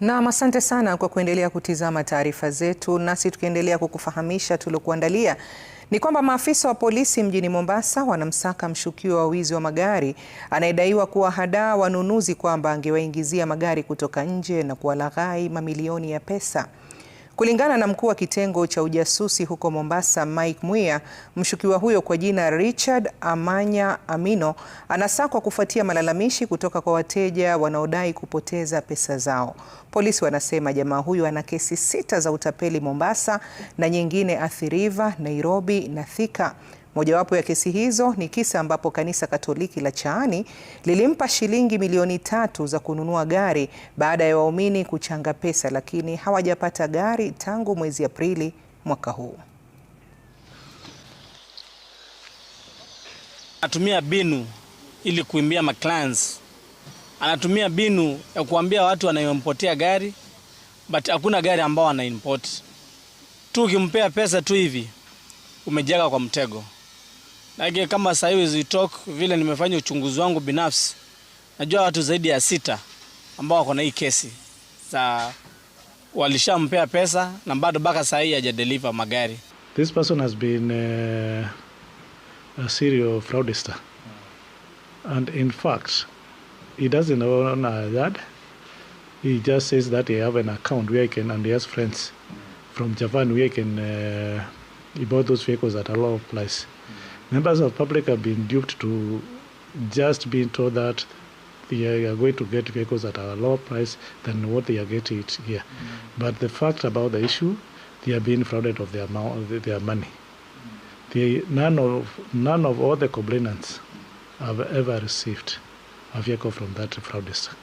Naam, asante sana kwa kuendelea kutizama taarifa zetu, nasi tukiendelea kukufahamisha tuliokuandalia ni kwamba maafisa wa polisi mjini Mombasa wanamsaka mshukiwa wa wizi wa magari anayedaiwa kuwa hadaa wanunuzi kwamba angewaingizia magari kutoka nje na kuwalaghai mamilioni ya pesa. Kulingana na mkuu wa kitengo cha ujasusi huko Mombasa, Mike Mwiya, mshukiwa huyo kwa jina Richard Amanya Amino anasakwa kufuatia malalamishi kutoka kwa wateja wanaodai kupoteza pesa zao. Polisi wanasema jamaa huyo ana kesi sita za utapeli Mombasa na nyingine Athi River, Nairobi na Thika. Mojawapo ya kesi hizo ni kisa ambapo kanisa Katoliki la Chaani lilimpa shilingi milioni tatu za kununua gari baada ya waumini kuchanga pesa, lakini hawajapata gari tangu mwezi Aprili mwaka huu. Anatumia binu ili kuimbia maclans, anatumia binu ya kuambia watu wanayompotea gari, but hakuna gari ambao anaimport tu. Ukimpea pesa tu hivi, umejaga kwa mtego. Nage kama sasa hivi we talk, vile nimefanya uchunguzi wangu binafsi, najua watu zaidi ya sita ambao wako na hii kesi za walishampea pesa na bado mpaka sasa hii hajadeliver magari. This person has been uh, a serial fraudster and in fact he doesn't own a yard. He just says that he have an account where he can and he has friends from Japan where he can uh, he bought those vehicles at a low price. members of the public have been duped to just being told that they are going to get vehicles at a lower price than what they are getting it here. Mm-hmm. But the fact about the issue, they are being frauded of their amount, their money. Mm. They, none of none of all the complainants have ever received a vehicle from that fraudster.